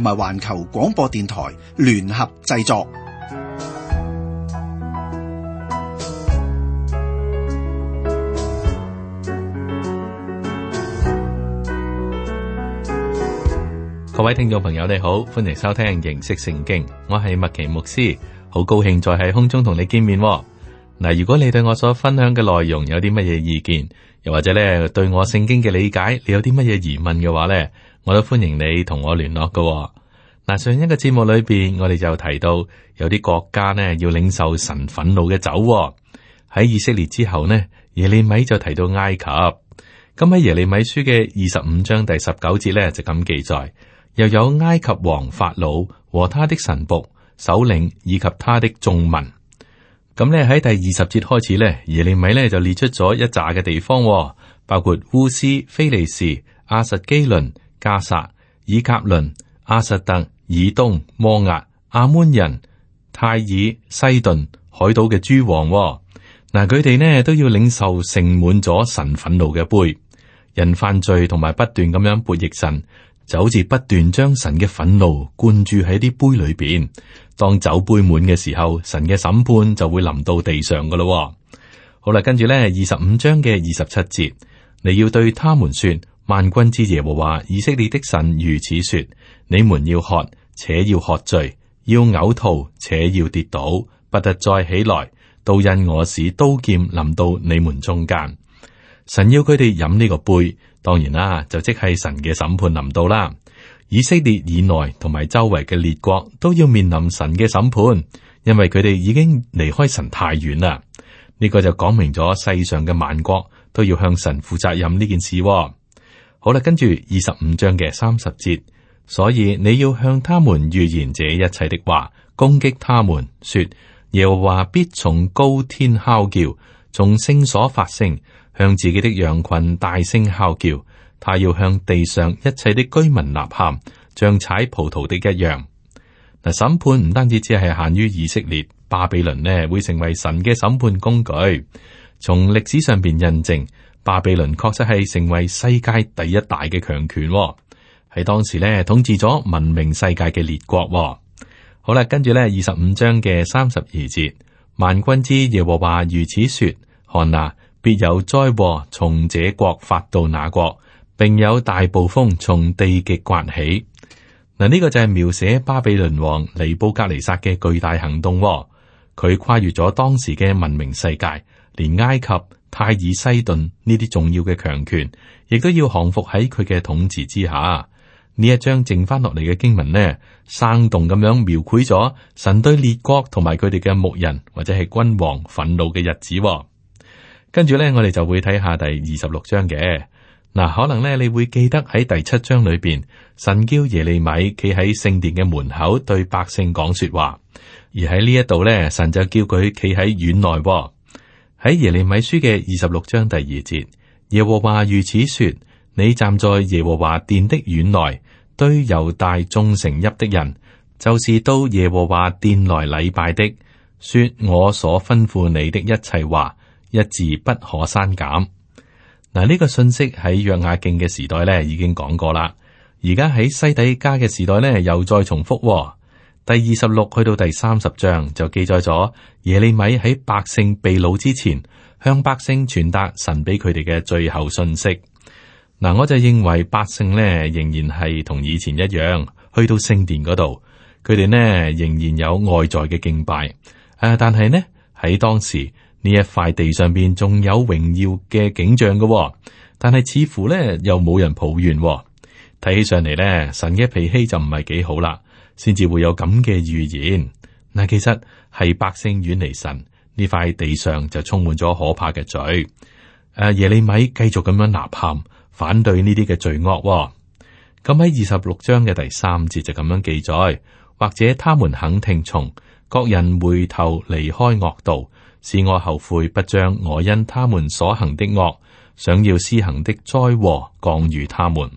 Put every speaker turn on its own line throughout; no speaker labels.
同埋環球廣播電台聯合製作。各位聽眾朋友，你好，歡迎收聽認識聖經。我係麥奇牧師，好高興再喺空中同你見面。嗱，如果你對我所分享嘅內容有啲乜嘢意見，又或者咧對我聖經嘅理解，你有啲乜嘢疑問嘅話咧？我都歡迎你同我聯絡㗎嗱、哦。上一個節目裏邊，我哋就提到有啲國家呢，要領受神憤怒嘅酒。喺以色列之後呢，耶利米就提到埃及。咁喺、嗯、耶利米書嘅二十五章第十九節呢，就咁記載，又有埃及王法老和他的臣僕、首領以及他的眾民。咁呢喺第二十節開始呢，耶利米呢就列出咗一紮嘅地方、哦，包括烏斯、非利士、阿實基倫。加薩、以加倫、阿實特、以東、摩押、阿門人、泰爾、西頓、海島嘅諸王、哦，嗱佢哋呢都要領受盛滿咗神憤怒嘅杯。人犯罪同埋不斷咁樣悖逆神，就好似不斷將神嘅憤怒灌注喺啲杯裏邊。當酒杯滿嘅時候，神嘅審判就會臨到地上噶啦、哦。好啦，跟住呢二十五章嘅二十七節，你要對他們說。萬軍之耶和華以色列的神如此說：你們要喝，且要喝醉；要嘔吐，且要跌倒，不得再起來。都因我使刀劍臨到你們中間。神要佢哋飲呢個杯，當然啦，就即係神嘅審判臨到啦。以色列以內同埋周圍嘅列國都要面臨神嘅審判，因為佢哋已經離開神太遠啦。呢、這個就講明咗世上嘅萬國都要向神負責任呢件事、啊。好啦，跟住二十五章嘅三十節，所以你要向他們預言這一切的話，攻擊他們，說耶和華必從高天敲叫，從聖所發聲，向自己的羊群大聲敲叫，他要向地上一切的居民呐喊，像踩葡萄的一樣。嗱，審判唔單止只係限於以色列，巴比倫呢會成為神嘅審判工具。從歷史上邊印證。巴比倫確實係成為世界第一大嘅強權，哦，係當時咧統治咗文明世界嘅列國，哦。好啦，跟住咧二十五章嘅三十二節，萬軍之耶和華如此說：看哪，必有災禍從這國發到那國，並有大暴風從地極颳起。嗱，呢個就係描寫巴比倫王尼布甲尼撒嘅巨大行動，哦，佢跨越咗當時嘅文明世界，連埃及。泰爾西頓呢啲重要嘅強權，亦都要降服喺佢嘅統治之下。呢一章剩翻落嚟嘅經文呢，生動咁樣描繪咗神對列國同埋佢哋嘅牧人或者係君王憤怒嘅日子、哦。跟住呢，我哋就會睇下第二十六章嘅嗱、啊，可能呢，你會記得喺第七章裏邊，神叫耶利米企喺聖殿嘅門口對百姓講說話，而喺呢一度呢，神就叫佢企喺院內、哦。喺耶利米書嘅二十六章第二節，耶和華如此說：你站在耶和華殿的院內，對猶大眾城邑的人，就是到耶和華殿來禮拜的，說我所吩咐你的一切話，一字不可刪減。嗱、啊，呢、這個信息喺約雅敬嘅時代咧已經講過啦，而家喺西底家嘅時代咧又再重複喎、哦。第二十六去到第三十章就記載咗耶利米喺百姓被擄之前，向百姓傳達神俾佢哋嘅最後信息。嗱、啊，我就認為百姓呢仍然係同以前一樣，去到聖殿嗰度，佢哋呢仍然有外在嘅敬拜。誒、啊，但係呢，喺當時呢一塊地上邊仲有榮耀嘅景象嘅、哦，但係似乎呢又冇人抱怨、哦。睇起上嚟呢，神嘅脾氣就唔係幾好啦。先至會有咁嘅預言，嗱，其實係百姓遠離神，呢塊地上就充滿咗可怕嘅罪。誒、啊，耶利米繼續咁樣吶喊，反對呢啲嘅罪惡、哦。咁喺二十六章嘅第三節就咁樣記載，或者他們肯聽從，各人回頭離開惡道，使我後悔，不將我因他們所行的惡，想要施行的災禍降於他們。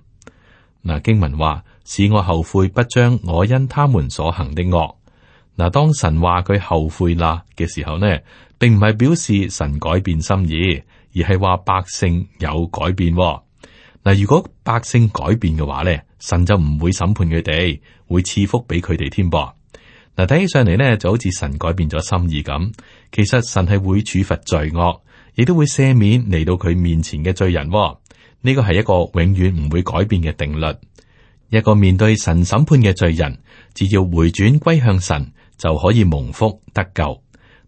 嗱、嗯，經文話。使我後悔，不將我因他們所行的惡。嗱，當神話佢後悔啦嘅時候呢，並唔係表示神改變心意，而係話百姓有改變嗱。如果百姓改變嘅話呢，神就唔會審判佢哋，會賜福俾佢哋添噃。嗱，睇起上嚟呢就好似神改變咗心意咁，其實神係會處罰罪惡，亦都會赦免嚟到佢面前嘅罪人。呢個係一個永遠唔會改變嘅定律。一個面對神審判嘅罪人，只要回轉歸向神，就可以蒙福得救。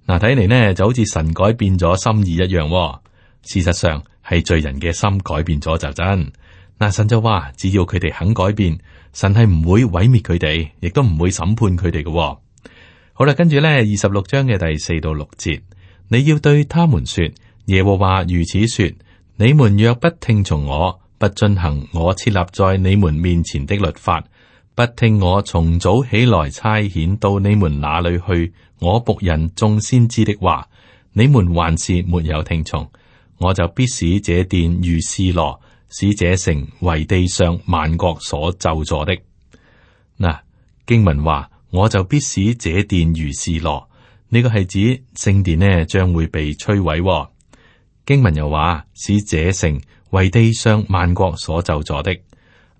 嗱，睇嚟呢就好似神改變咗心意一樣喎。事實上係罪人嘅心改變咗就真。嗱，神就話只要佢哋肯改變，神係唔會毀滅佢哋，亦都唔會審判佢哋嘅。好啦，跟住呢二十六章嘅第四到六節，你要對他們說：耶和華如此說，你們若不聽從我。不進行我設立在你們面前的律法，不聽我從早起來差遣到你們哪裏去，我僕人眾先知的話，你們還是沒有聽從，我就必使這殿如示羅，使這城為地上萬國所咒詛的。嗱、啊，經文話我就必使這殿如示羅，呢、這個係指聖殿呢將會被摧毀、哦。經文又話使這城。為地上萬國所就坐的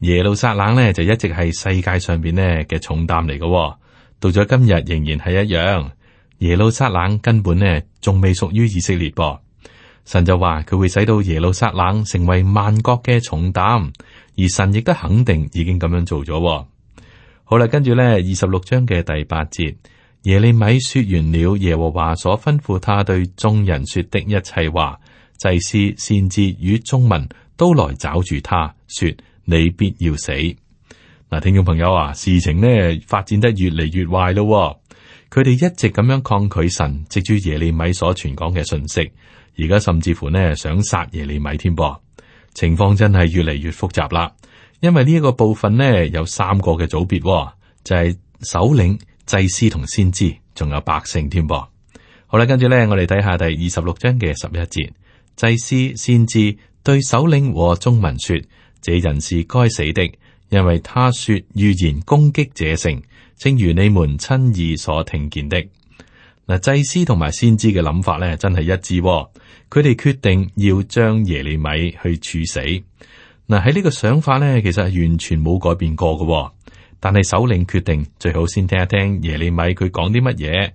耶路撒冷呢，就一直係世界上邊呢嘅重擔嚟㗎、哦。到咗今日仍然係一樣。耶路撒冷根本呢，仲未屬於以色列、哦。噃。神就話佢會使到耶路撒冷成為萬國嘅重擔，而神亦都肯定已經咁樣做咗、哦。好啦，跟住呢，二十六章嘅第八節，耶利米說完了耶和華所吩咐他對眾人說的一切話。祭司先知與眾民都來抓住他說：你必要死。嗱，聽眾朋友啊，事情呢發展得越嚟越壞咯。佢哋一直咁樣抗拒神藉住耶利米所傳講嘅訊息，而家甚至乎呢想殺耶利米添。噉情況真係越嚟越複雜啦。因為呢一個部分呢有三個嘅組別，就係首領、祭司同先知，仲有百姓添。好啦，跟住呢，我哋睇下第二十六章嘅十一節。祭司、先知對首領和眾民說：這人是該死的，因為他說預言攻擊這城，正如你們親耳所聽見的。嗱，祭司同埋先知嘅諗法咧，真係一致。佢哋決定要將耶利米去處死。嗱，喺呢個想法咧，其實完全冇改變過嘅。但係首領決定最好先聽一聽耶利米佢講啲乜嘢。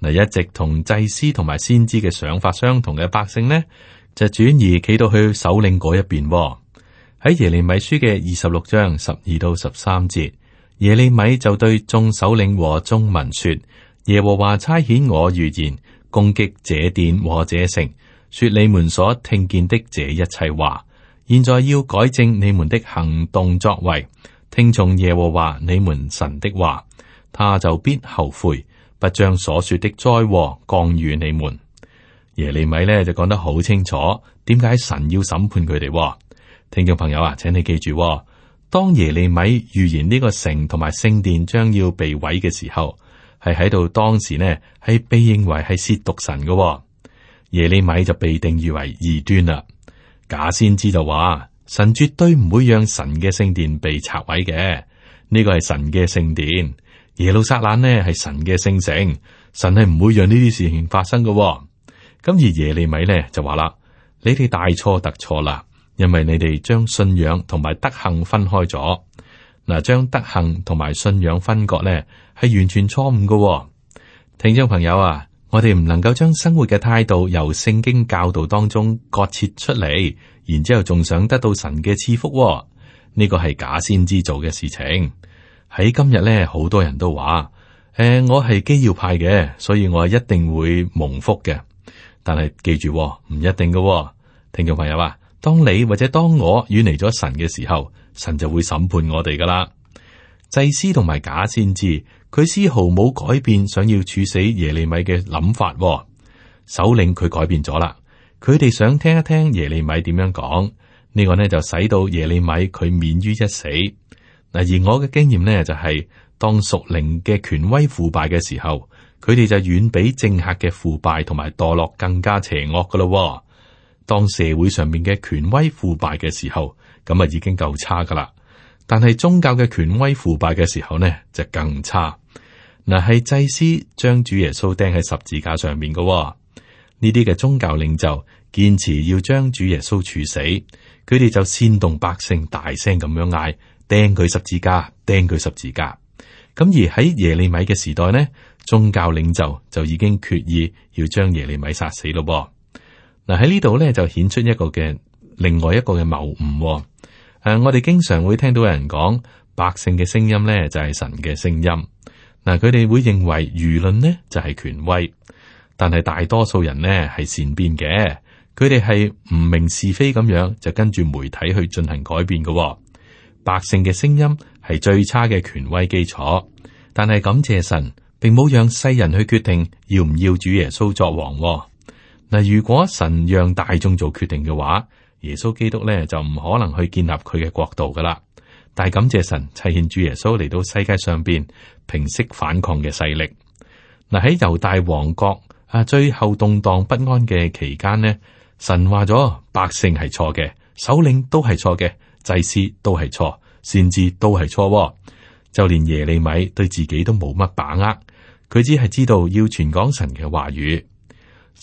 嗱，一直同祭司同埋先知嘅想法相同嘅百姓呢？就轉移企到去首領嗰一邊喎，哦。喺耶利米書嘅二十六章十二到十三節，耶利米就對眾首領和眾民說：耶和華差遣我預言攻擊這殿和這城，說你們所聽見的這一切話，現在要改正你們的行動作為，聽從耶和華你們神的話，他就必後悔，不將所說的災禍降與你們。耶利米咧就講得好清楚，點解神要審判佢哋喎？聽眾朋友啊，請你記住喎，當耶利米預言呢個城同埋聖殿將要被毀嘅時候，係喺度當時呢，係被認為係褻瀆神嘅喎。耶利米就被定義為異端啦。假先知就話神絕對唔會讓神嘅聖殿被拆毀嘅。呢個係神嘅聖殿，耶路撒冷呢係神嘅聖城，神係唔會讓呢啲事情發生嘅喎。咁而耶利米咧就話啦：，你哋大錯特錯啦，因為你哋將信仰同埋德行分開咗嗱，將德行同埋信仰分割咧係完全錯誤嘅、哦。聽眾朋友啊，我哋唔能夠將生活嘅態度由聖經教導當中割切出嚟，然之後仲想得到神嘅賜福呢、哦這個係假先知做嘅事情。喺今日咧，好多人都話：，誒、呃，我係基要派嘅，所以我一定會蒙福嘅。但係記住喎，唔一定嘅喎，聽眾朋友啊，當你或者當我遠離咗神嘅時候，神就會審判我哋噶啦。祭司同埋假先知，佢絲毫冇改變，想要處死耶利米嘅諗法、哦。首領佢改變咗啦，佢哋想聽一聽耶利米點樣講，呢個呢就使到耶利米佢免於一死。嗱，而我嘅經驗呢就係，當屬靈嘅權威腐敗嘅時候。佢哋就遠比政客嘅腐敗同埋墮落更加邪惡嘅咯。當社會上面嘅權威腐敗嘅時候，咁啊已經夠差噶啦。但係宗教嘅權威腐敗嘅時候呢，就更差嗱。係祭司將主耶穌釘喺十字架上面嘅，呢啲嘅宗教領袖堅持要將主耶穌處死，佢哋就煽動百姓大聲咁樣嗌，釘佢十字架，釘佢十字架。咁而喺耶利米嘅時代呢？宗教領袖就已經決意要將耶利米殺死咯。嗱、啊，喺呢度咧就顯出一個嘅另外一個嘅謬誤。誒、啊，我哋經常會聽到有人講，百姓嘅聲音咧就係、是、神嘅聲音。嗱、啊，佢哋會認為輿論呢，就係、是、權威，但係大多數人呢，係善變嘅，佢哋係唔明是非咁樣就跟住媒體去進行改變嘅。百姓嘅聲音係最差嘅權威基礎，但係感謝神。並冇讓世人去決定要唔要主耶穌作王、哦。嗱，如果神讓大眾做決定嘅話，耶穌基督咧就唔可能去建立佢嘅國度噶啦。但係感謝神，差遣主耶穌嚟到世界上邊平息反抗嘅勢力。嗱，喺猶大王國啊，最後動蕩不安嘅期間呢，神話咗百姓係錯嘅，首領都係錯嘅，祭司都係錯，甚至都係錯、哦，就連耶利米對自己都冇乜把握。佢只係知道要傳講神嘅話語，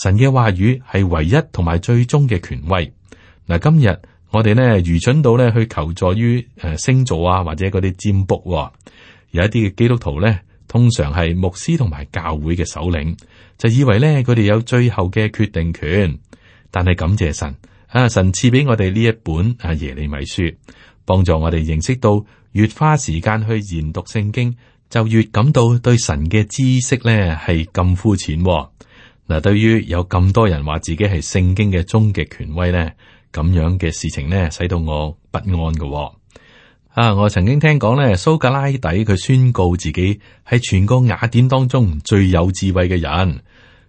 神嘅話語係唯一同埋最終嘅權威。嗱，今日我哋咧愚蠢到咧去求助於誒星座啊，或者嗰啲占卜。有一啲基督徒咧，通常係牧師同埋教會嘅首領，就以為咧佢哋有最後嘅決定權。但係感謝神啊，神賜俾我哋呢一本啊耶利米書，幫助我哋認識到越花時間去研讀聖經。就越感到對神嘅知識呢係咁膚淺嗱。對於有咁多人話自己係聖經嘅終極權威呢，咁樣嘅事情呢，使到我不安嘅哦。啊，我曾經聽講呢，蘇格拉底佢宣告自己係全個雅典當中最有智慧嘅人。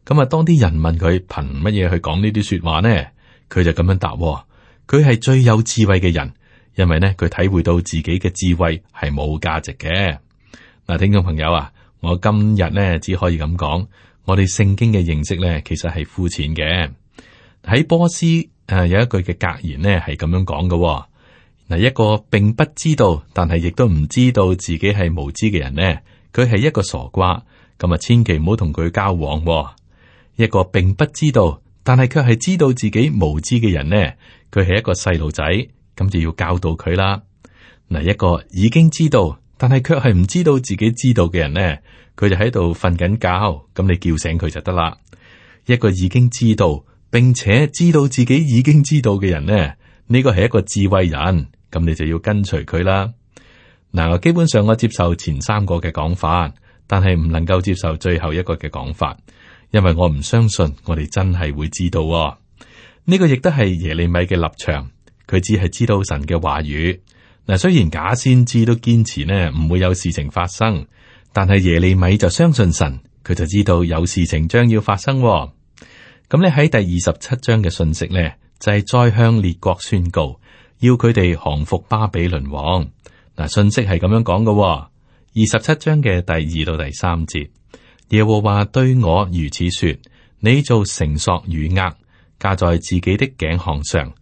咁啊，當啲人問佢憑乜嘢去講呢啲說話呢，佢就咁樣答哦：佢係最有智慧嘅人，因為呢，佢體會到自己嘅智慧係冇價值嘅。嗱，聽眾朋友啊，我今日呢只可以咁講，我哋聖經嘅認識呢，其實係膚淺嘅。喺波斯誒，呃，有一句嘅格言呢，係咁樣講嘅。嗱，一個並不知道，但係亦都唔知道自己係無知嘅人呢，佢係一個傻瓜，咁啊千祈唔好同佢交往，哦。一個並不知道，但係卻係知道自己無知嘅人呢，佢係一個細路仔，咁就要教導佢啦。嗱，一個已經知道。但係卻係唔知道自己知道嘅人呢，佢就喺度瞓緊覺，咁你叫醒佢就得啦。一個已經知道並且知道自己已經知道嘅人呢，呢個係一個智慧人，咁你就要跟隨佢啦。嗱，我基本上我接受前三個嘅講法，但係唔能夠接受最後一個嘅講法，因為我唔相信我哋真係會知道、哦。呢、呢個亦都係耶利米嘅立場，佢只係知道神嘅話語。嗱，雖然假先知都堅持咧唔會有事情發生，但係耶利米就相信神，佢就知道有事情將要發生、哦。咁咧喺第二十七章嘅信息呢，就係、是、再向列國宣告，要佢哋降服巴比倫王。嗱，信息係咁樣講噶、哦。二十七章嘅第二到第三節，耶和華對我如此說：你做繩索與軛，架在自己的頸項上。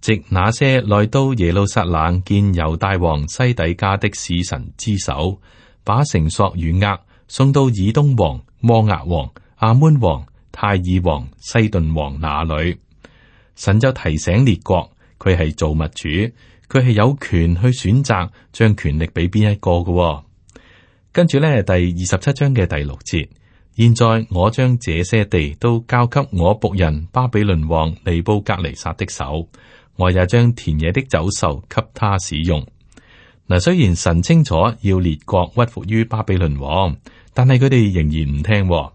藉那些來到耶路撒冷見猶大王西底家的使臣之手，把繩索與額送到以東王、摩押王、阿門王、泰爾王、西頓王那裏。神就提醒列國，佢係造物主，佢係有權去選擇將權力俾邊一個嘅。跟住呢，第二十七章嘅第六節，現在我將這些地都交給我僕人巴比倫王尼布格尼撒的手。我也將田野的走獸給他使用。嗱，雖然神清楚要列國屈服於巴比倫王，但係佢哋仍然唔聽、哦。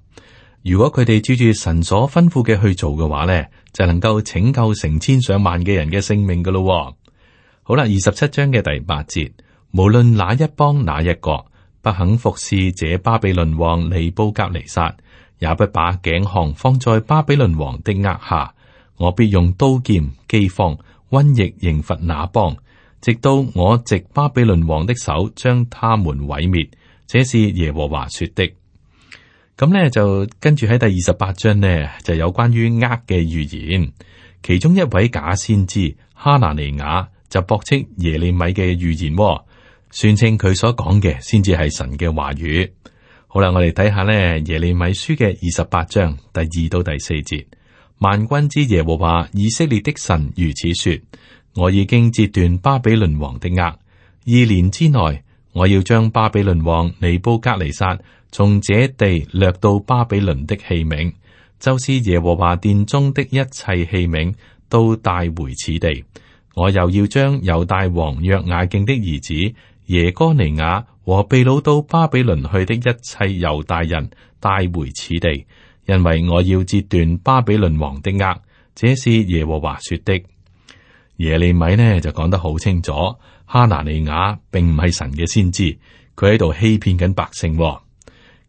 如果佢哋照住神所吩咐嘅去做嘅話呢，就能夠拯救成千上萬嘅人嘅性命噶咯、哦。好啦，二十七章嘅第八節，無論哪一邦、哪一國，不肯服侍這巴比倫王尼布甲尼撒，也不把頸項放在巴比倫王的軛下，我必用刀劍、飢荒。瘟疫刑罰那邦，直到我藉巴比倫王的手將他們毀滅。這是耶和華說的。咁呢就跟住喺第二十八章呢，就有關於呃嘅預言，其中一位假先知哈拿尼雅就駁斥耶利米嘅預言、哦，算稱佢所講嘅先至係神嘅話語。好啦，我哋睇下呢耶利米書嘅二十八章第二到第四節。萬軍之耶和華以色列的神如此說：我已經截斷巴比倫王的軛，二年之內，我要將巴比倫王尼布甲尼撒從這地掠到巴比倫的器皿，就是耶和華殿中的一切器皿，都帶回此地。我又要將猶大王約雅敬的兒子耶哥尼雅和被擄到巴比倫去的一切猶大人帶回此地。因為我要截斷巴比倫王的軛，這是耶和華說的。耶利米呢就講得好清楚，哈拿尼雅並唔係神嘅先知，佢喺度欺騙緊百姓、哦。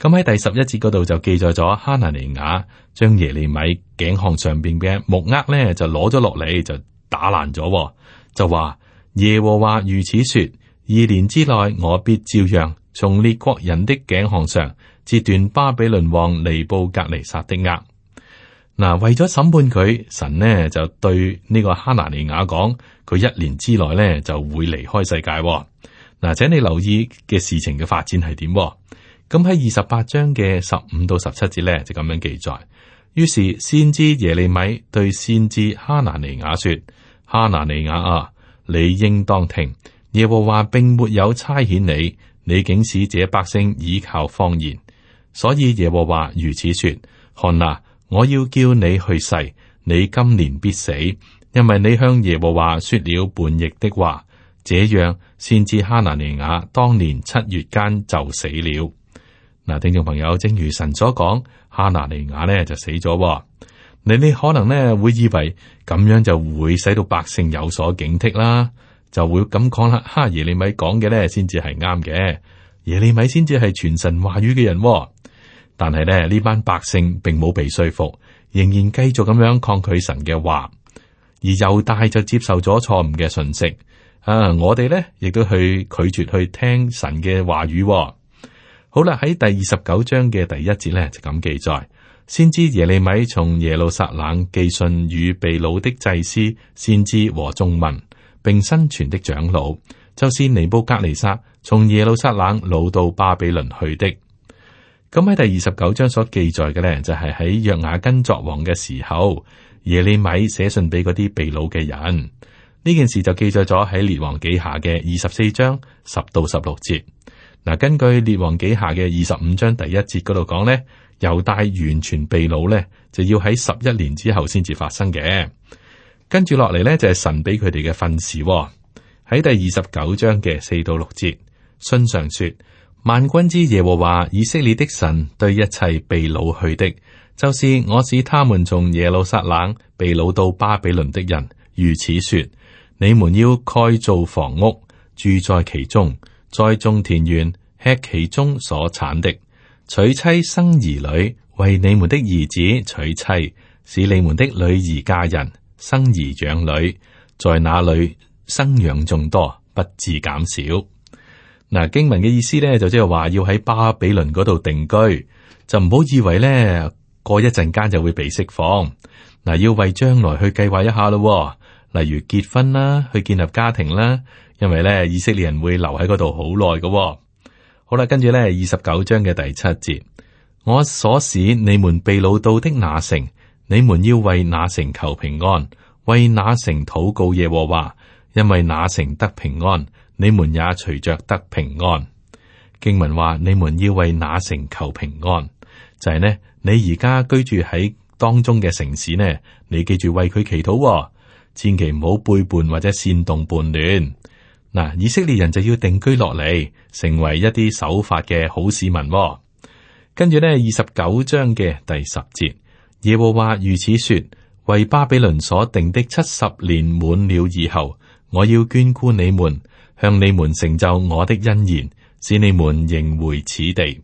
咁、嗯、喺第十一節嗰度就記載咗，哈拿尼雅將耶利米頸項上邊嘅木軛呢就攞咗落嚟就打爛咗、哦，就話耶和華如此說：二年之內我必照樣從列國人的頸項上。截斷巴比倫王尼布格尼殺的額嗱，為咗審判佢，神呢就對呢個哈拿尼雅講：佢一年之內呢就會離開世界嗱。請你留意嘅事情嘅發展係點？咁喺二十八章嘅十五到十七節呢就咁樣記載。於是先知耶利米對先知哈拿尼雅說：哈拿尼雅啊，你應當停。」耶和華，並沒有差遣你，你竟使這百姓倚靠方言。所以耶和華如此說：看哪，我要叫你去世，你今年必死，因為你向耶和華說了叛逆的話。這樣先知哈拿尼雅當年七月間就死了。嗱，聽眾朋友，正如神所講，哈拿尼雅呢就死咗。你你可能呢會以為咁樣就會使到百姓有所警惕啦，就會咁講啦。哈耶利米講嘅呢先至係啱嘅，耶利米先至係傳神話語嘅人。但係咧，呢班百姓並冇被說服，仍然繼續咁樣抗拒神嘅話，而猶大就接受咗錯誤嘅信息。啊，我哋呢亦都去拒絕去聽神嘅話語，哦。好啦，喺第二十九章嘅第一節呢，就咁記載，先知耶利米從耶路撒冷寄信與被擄的祭司、先知和眾民，並生存的長老，就是尼布甲尼撒從耶路撒冷擄到巴比倫去的。咁喺第二十九章所記載嘅咧，就係、是、喺約雅斤作王嘅時候，耶利米寫信俾嗰啲被擄嘅人。呢件事就記載咗喺列王記下嘅二十四章十到十六節。嗱，根據列王記下嘅二十五章第一節嗰度講咧，猶大完全被擄咧，就要喺十一年之後先至發生嘅。跟住落嚟咧，就係神俾佢哋嘅訓示，喺第二十九章嘅四到六節信上說。萬軍之耶和華以色列的神對一切被擄去的，就是我使他們從耶路撒冷被擄到巴比倫的人，如此說：你們要蓋造房屋，住在其中；栽種田園，吃其中所產的；娶妻生兒女，為你們的兒子娶妻，使你們的女兒嫁人，生兒養女，在那裏生養眾多，不致減少。嗱，經文嘅意思咧，就即係話要喺巴比倫嗰度定居，就唔好以為咧過一陣間就會被釋放。嗱，要為將來去計劃一下咯，例如結婚啦，去建立家庭啦，因為咧以色列人會留喺嗰度好耐嘅。好啦，跟住咧二十九章嘅第七節，我所使你們被擄到的那城，你們要為那城求平安，為那城禱告耶和華，因為那城得平安。你們也隨着得平安。經文話，你們要為那城求平安，就係、是、呢。你而家居住喺當中嘅城市呢，你記住為佢祈禱、哦，千祈唔好背叛或者煽動叛亂。嗱，以色列人就要定居落嚟，成為一啲守法嘅好市民、哦。跟住呢，二十九章嘅第十節，耶和華如此說：為巴比倫所定的七十年滿了以後，我要眷顧你們。向你們成就我的恩言，使你們迎回此地。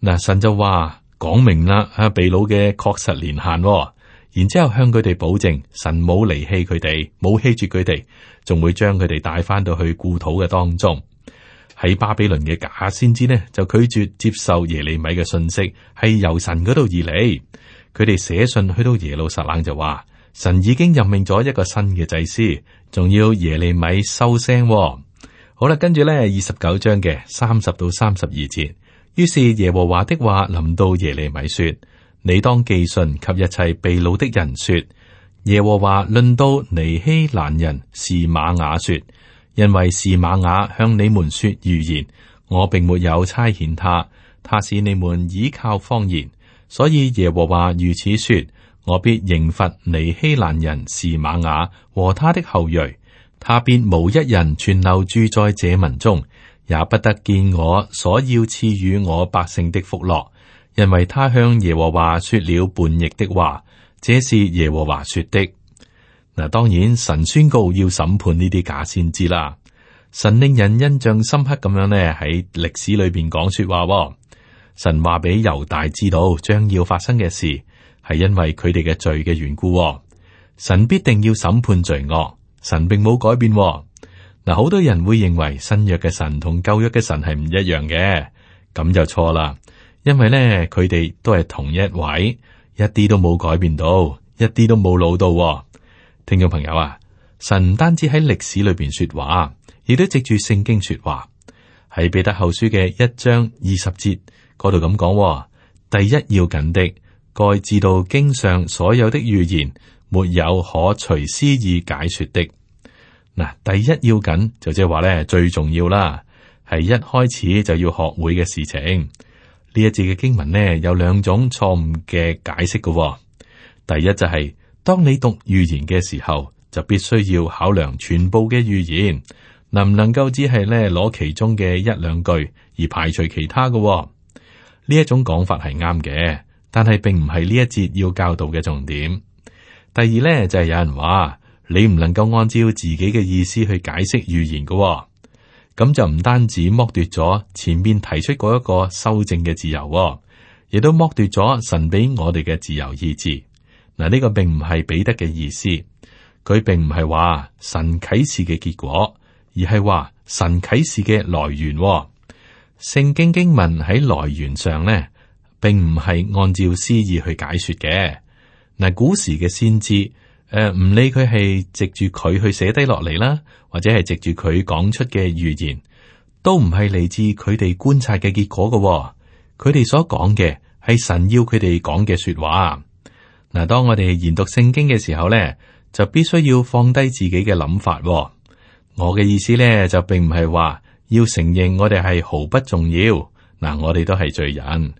嗱，神就話講明啦，哈，被擄嘅確實年限、哦，然之後向佢哋保證，神冇離棄佢哋，冇棄絕佢哋，仲會將佢哋帶翻到去故土嘅當中。喺巴比倫嘅假先知呢，就拒絕接受耶利米嘅訊息，係由神嗰度而嚟。佢哋寫信去到耶路撒冷就話，神已經任命咗一個新嘅祭司。仲要耶利米收聲、哦，好啦，跟住呢二十九章，嘅三十到三十二節，於是耶和華的話臨到耶利米說：你當寄信給一切被擄的人說，耶和華論到尼希蘭人示瑪雅說，因為示瑪雅向你們說預言，我並沒有差遣他，他使你們倚靠謊言，所以耶和華如此說。我必刑罰尼希蘭人、示瑪雅和他的後裔，他便無一人存留住在這民中，也不得見我所要賜予我百姓的福樂，因為他向耶和華說了叛逆的話。這是耶和華說的。嗱，當然神宣告要審判呢啲假先知啦。神令人印象深刻咁樣呢，喺歷史裏邊講說話，神話俾猶大知道將要發生嘅事。係因為佢哋嘅罪嘅緣故、哦，神必定要審判罪惡。神並冇改變、哦。嗱，好多人會認為新約嘅神同舊約嘅神係唔一樣嘅，咁就錯啦。因為咧，佢哋都係同一位，一啲都冇改變到，一啲都冇老到、哦。聽眾朋友啊，神唔單止喺歷史裏邊說話，亦都藉住聖經說話。喺彼得後書嘅一章二十節嗰度咁講，第一要緊的。蓋知道經上所有的預言沒有可隨私意解說的。嗱，第一要緊就即係話咧，最重要啦，係一開始就要學會嘅事情。呢一節嘅經文咧，有兩種錯誤嘅解釋嘅、哦。第一就係、是，當你讀預言嘅時候，就必須要考量全部嘅預言，能唔能夠只係咧攞其中嘅一兩句而排除其他嘅呢、哦？一種講法係啱嘅。但係並唔係呢一節要教導嘅重點。第二咧就係、是、有人話你唔能夠按照自己嘅意思去解釋預言嘅、哦，咁就唔單止剝奪咗前面提出嗰一個修正嘅自由、哦，亦都剝奪咗神俾我哋嘅自由意志。嗱，呢個並唔係彼得嘅意思，佢並唔係話神啟示嘅結果，而係話神啟示嘅來源、哦。聖經經文喺來源上咧。並唔係按照詩意去解說嘅。嗱，古時嘅先知誒，唔理佢係藉住佢去寫低落嚟啦，或者係藉住佢講出嘅預言，都唔係嚟自佢哋觀察嘅結果噶。佢哋所講嘅係神要佢哋講嘅說話嗱。當我哋研讀聖經嘅時候咧，就必須要放低自己嘅諗法。我嘅意思咧，就並唔係話要承認我哋係毫不重要嗱，我哋都係罪人。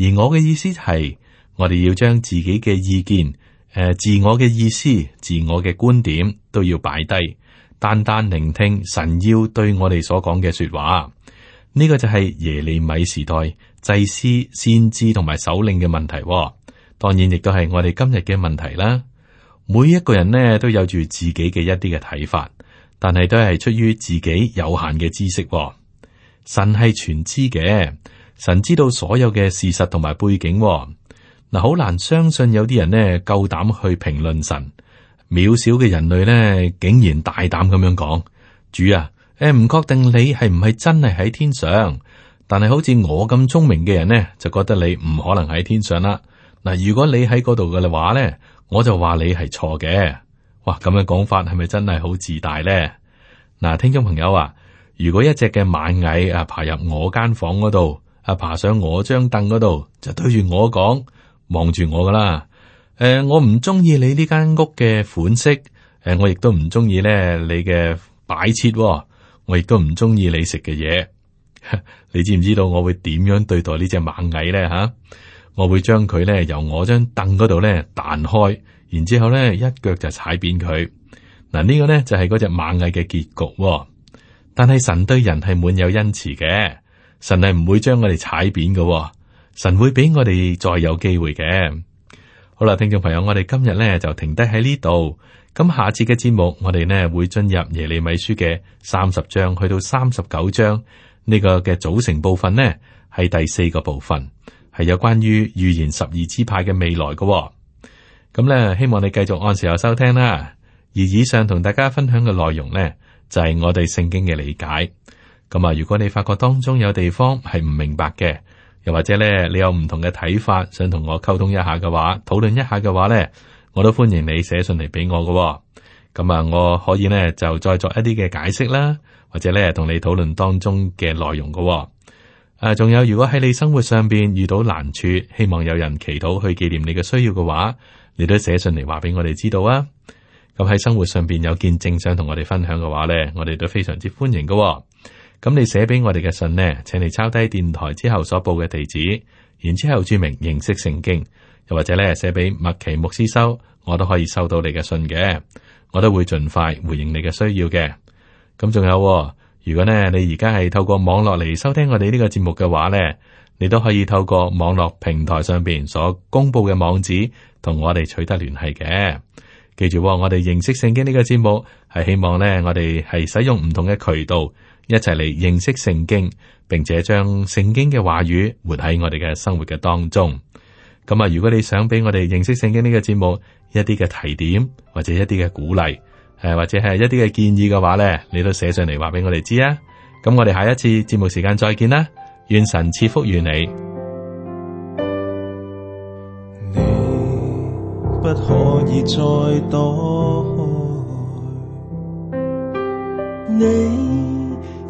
而我嘅意思係，我哋要將自己嘅意見、誒、呃、自我嘅意思、自我嘅觀點都要擺低，單單聆聽神要對我哋所講嘅說話。呢、這個就係耶利米時代祭司、先知同埋首領嘅問題、哦，當然亦都係我哋今日嘅問題啦。每一個人咧都有住自己嘅一啲嘅睇法，但係都係出於自己有限嘅知識、哦。神係全知嘅。神知道所有嘅事實同埋背景、哦，嗱、嗯、好難相信有啲人呢夠膽去評論神。渺小嘅人類呢，竟然大膽咁樣講主啊，誒、欸、唔確定你係唔係真係喺天上，但係好似我咁聰明嘅人呢，就覺得你唔可能喺天上啦。嗱、嗯，如果你喺嗰度嘅話呢，我就話你係錯嘅。哇，咁樣講法係咪真係好自大呢？嗱、嗯，聽眾朋友啊，如果一隻嘅螞蟻啊爬入我間房嗰度。啊！爬上我張凳嗰度就對住我講，望住我噶啦。誒、呃，我唔中意你呢間屋嘅款式，誒、呃，我亦都唔中意咧你嘅擺設，我亦都唔中意你食嘅嘢。 你知唔知道我會點樣對待隻螞蟻呢隻螞蟻咧？吓，我會將佢咧由我張凳嗰度咧彈開，然之後咧一腳、這個、就踩扁佢。嗱，呢個咧就係嗰隻螞蟻嘅結局。但係神對人係滿有恩慈嘅。神係唔會將我哋踩扁嘅，哦，神會俾我哋再有機會嘅。好啦，聽眾朋友，我哋今日咧就停低喺呢度。咁下次嘅節目，我哋呢會進入耶利米書嘅三十章去到三十九章呢個嘅組成部分呢係第四個部分，係有關於預言十二支派嘅未來嘅，哦。咁咧，希望你繼續按時候收聽啦。而以上同大家分享嘅內容呢，就係我哋聖經嘅理解。咁啊，如果你發覺當中有地方係唔明白嘅，又或者咧，你有唔同嘅睇法，想同我溝通一下嘅話，討論一下嘅話咧，我都歡迎你寫信嚟俾我㗎喎。咁啊，我可以咧就再作一啲嘅解釋啦，或者咧同你討論當中嘅內容㗎喎。誒、啊，仲有，如果喺你生活上邊遇到難處，希望有人祈禱去紀念你嘅需要嘅話，你都寫信嚟話俾我哋知道啊。咁喺生活上邊有見證想同我哋分享嘅話咧，我哋都非常之歡迎㗎喎。咁你寫俾我哋嘅信呢，請你抄低電臺之後所報嘅地址，然之後注明認識聖經，又或者咧寫俾麥奇牧師收，我都可以收到你嘅信嘅，我都會盡快回應你嘅需要嘅。咁仲有，哦，如果咧你而家係透過網絡嚟收聽我哋呢個節目嘅話呢，你都可以透過網絡平台上邊所公布嘅網址同我哋取得聯繫嘅。記住，哦，我哋認識聖經呢個節目係希望呢，我哋係使用唔同嘅渠道，一齊嚟認識聖經，並且將聖經嘅話語活喺我哋嘅生活嘅當中。咁啊，如果你想俾我哋認識聖經呢個節目一啲嘅提點，或者一啲嘅鼓勵，誒，或者係一啲嘅建議嘅話咧，你都寫上嚟話俾我哋知啊。咁我哋下一次節目時間再見啦。願神賜福與你。你不可以再躲開，你。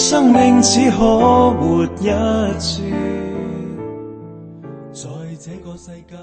生命只可活一次，在這個世界。